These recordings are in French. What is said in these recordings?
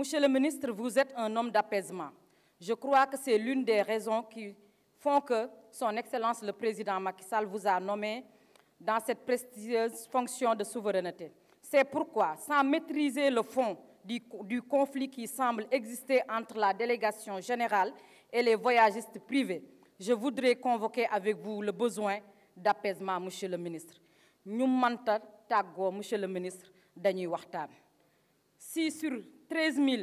Monsieur le ministre, vous êtes un homme d'apaisement. Je crois que c'est l'une des raisons qui font que son Excellence le Président Macky Sall vous a nommé dans cette prestigieuse fonction de souveraineté. C'est pourquoi, sans maîtriser le fond du, conflit qui semble exister entre la délégation générale et les voyagistes privés, je voudrais convoquer avec vous le besoin d'apaisement, Monsieur le ministre. Nous Monsieur le ministre, Si sur 13 000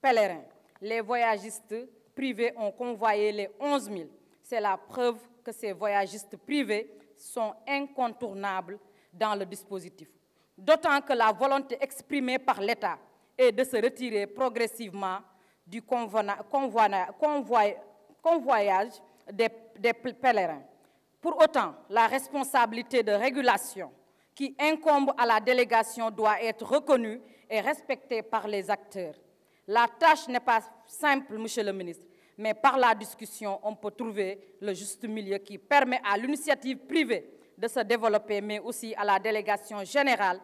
pèlerins. Les voyagistes privés ont convoyé les 11 000. C'est la preuve que ces voyagistes privés sont incontournables dans le dispositif. D'autant que la volonté exprimée par l'État est de se retirer progressivement du convoyage des pèlerins. Pour autant, la responsabilité de régulation qui incombe à la délégation doit être reconnue et respectée par les acteurs. La tâche n'est pas simple, Monsieur le ministre, mais par la discussion, on peut trouver le juste milieu qui permet à l'initiative privée de se développer, mais aussi à la délégation générale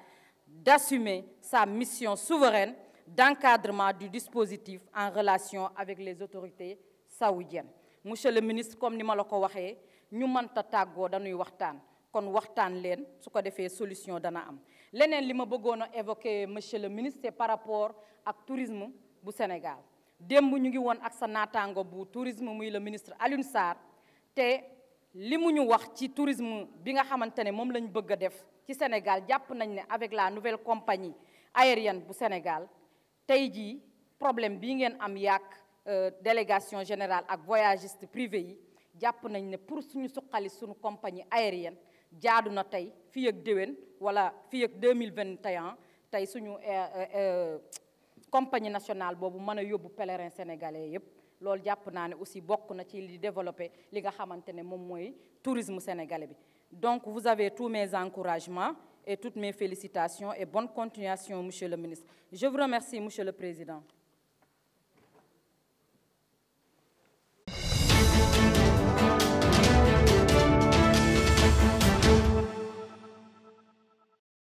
d'assumer sa mission souveraine d'encadrement du dispositif en relation avec les autorités saoudiennes. Monsieur le ministre, comme nous l'avons dit, nous avons kon waxtaan leen su ko defee solution dana am leneen li ma bëggoon a évoquer monsieur le ministre par rapport ak tourisme bu Sénégal démb ñu ngi woon ak sa naataango bu tourisme muy le ministre Alioune sar te li mu ñu wax ci tourisme bi nga xamante ne moom bëgg a def ci Sénégal jàpp nañ ne avec la nouvelle compagnie aérienne bu Sénégal tey jii problème bi ngeen am yàq euh, délégation générale ak voyagiste privé yi jàpp nañ ne pour suñu suqali suñu compagnie aérienne jaadu na tey fii ak déwén wala fii ak 2021 tay suñu eh, eh, eh, compagnie nationale bobu meuna a pèlerin sénégalais yëpp loolu japp naa aussi bokk na ci li développé li nga xamantene mom moy tourisme sénégalais bi donc vous avez tous mes encouragements et toutes mes félicitations et bonne continuation monsieur le ministre je vous remercie monsieur le président